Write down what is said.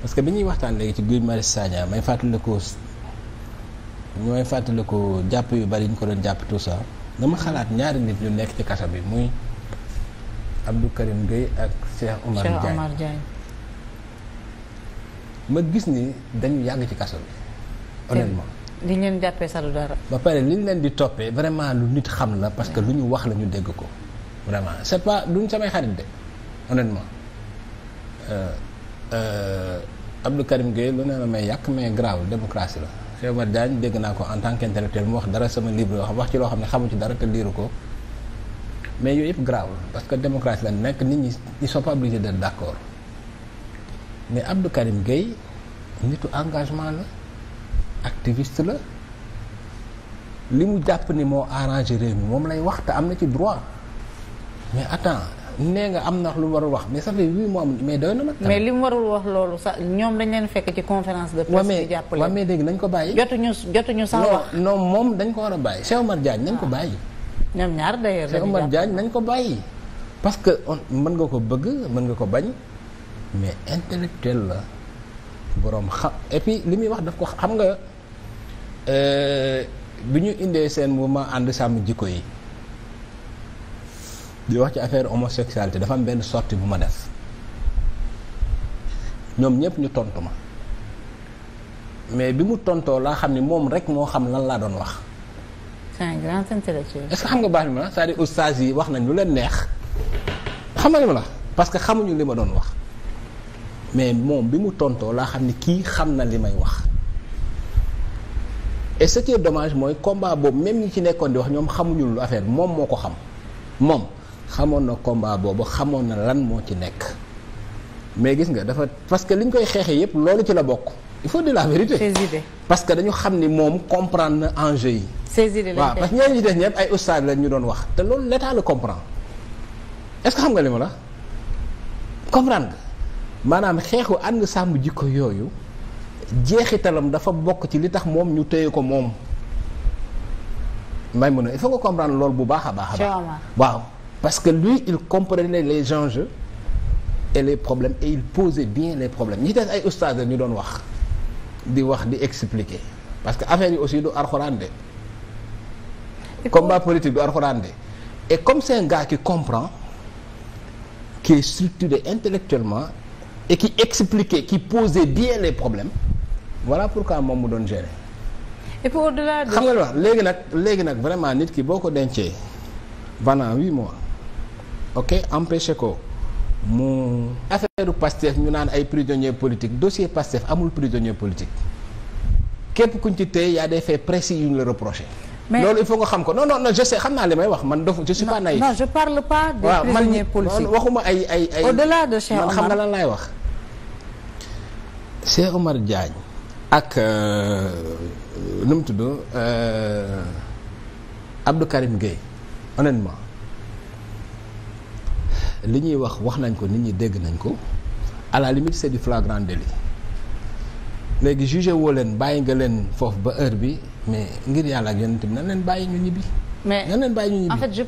parce que bi ñuy waxtaan léegi ci Guy Marius Sagna may fàttaliku may fàttaliku jàpp yu bari ñu ko doon jàpp tout ça dama xalaat ñaari nit ñu nekk ci kaso bi muy Abdou Karim Gueye ak Cheikh Omar Diagne ma gis ni dañu yàgg ci kaso bi honnêtement li ñu leen jàppee sax du dara. ba pare li ñu leen di toppee vraiment lu nit xam la parce que lu ñu wax la ñu dégg ko vraiment c'est pas duñ samay xarit de honnêtement. Euh, Euh, Abdou Karim géey lu nee na may yàq mais grave démocratie la Cheikh Omar Diagne dégg naa ko en tant qu'intellectuel mu wax dara sama livre wax wax ci loo xam ne xamu ci dara te liiru ko mais yooyu yëpp grave parce que démocratie la nekk nit ñi ils sont pas obligés d'accord mais Abdou Karim Gueye nitu engagement la activiste la li mu jàpp ni moo arrangé réew mi moom lay wax te am na ci droit mais attends nee nga am na lu mu warul wax mais ça fait huit mois mais doy na nag. mais li mu warul wax loolu sax ñoom dañ leen fekk ci conférence de presse. di jàppale waaw mais dégg nañ ko bàyyi. jotuñu jotuñu sax wax non non moom dañ ko war a bàyyi Cheikh Omar Diagne nañ ko ah. bàyyi. ñoom ñaar d'ailleurs Cheikh Omar Diagne nañ ko bàyyi. parce que on mën nga ko bëgg mën nga ko bañ mais intellectuel la boroom xam et puis li muy wax daf ko xam nga euh, bi ñu indee seen mouvement ànd sàmm jikko yi. di wax ci affaire homosexualité dafa am benn sortie bu ma def ñoom ñëpp ñu tontu ma mais bi mu tontoo laa xam ne moom rek moo xam lan laa doon wax. c'est un grand intellectuel. xam nga baax na ma c'est-à-dire yi wax nañ lu leen neex xam nga li ma la parce que xamuñu li ma doon wax mais moom bi mu tontoo laa xam ni kii xam na li may wax et domage mooy combat boobu même ñi ci nekkoon di wax ñoom xamuñu lu affaire moom moo ko xam moom. xamoon na combat boobu xamoon na lan moo ci nekk mais gis nga dafa parce que li ñu koy xeexee yëpp loolu ci la bokk il faut dire la vérité ses idées parce que dañu xam ni moom comprendre na enjeu yi ses idées waaw parce que ñi def ñëpp ay ustaad la ñu doon wax loolu l'état le ce xam nga li ma la comprendre nga maanaam xeexu ànd sàmm jikko yooyu jeexitalam dafa bokk ci li tax moom ñu téye ko moom may mun a il faut nga comprendre loolu bu baax a baax a baax waaw Parce que lui, il comprenait les enjeux et les problème et il posait bien les problème ñi des ay ustaas ñu doon wax di wax di expliquer parce que affaire yi aussi du arxuraan de combat politique du arxuraan de comme c'est un gars qui comprend qui est structuré intellectuellement et qui expliquait qui posait bien les problèmes voilà pourquoi moom mu doon gérer. et puis au xam nga lu ma léegi nag léegi nag vraiment nit ki boo ko dencee pendant huit mois. ok empêché ko mu affaire Pastef ñu naan ay prisonnier politique dossier Pastef amul prisonnier politique képp kuñ ci téye y a des faits précis yu ñu la reproché mais loolu il faut nga xam ko noonu non non je sais xam naa li may wax man dof je suis pas naïf non je parle pas waxuma ay ay ay au-delà de Cheikh man xam nga lan laay wax Cheikh Omar Diagne ak euh, nu mu tudd euh, Abdou li ñuy wax wax nañ ko nit ñi dégg nañ ko à la limite c'est du flagrant délit léegi jugé woo leen bàyyi nga leen foofu ba heure bi mais ngir yàlla ak yonent bi nan leen bàyyi ñu ñibbi. nan leen bàyyi ñu ñibbi.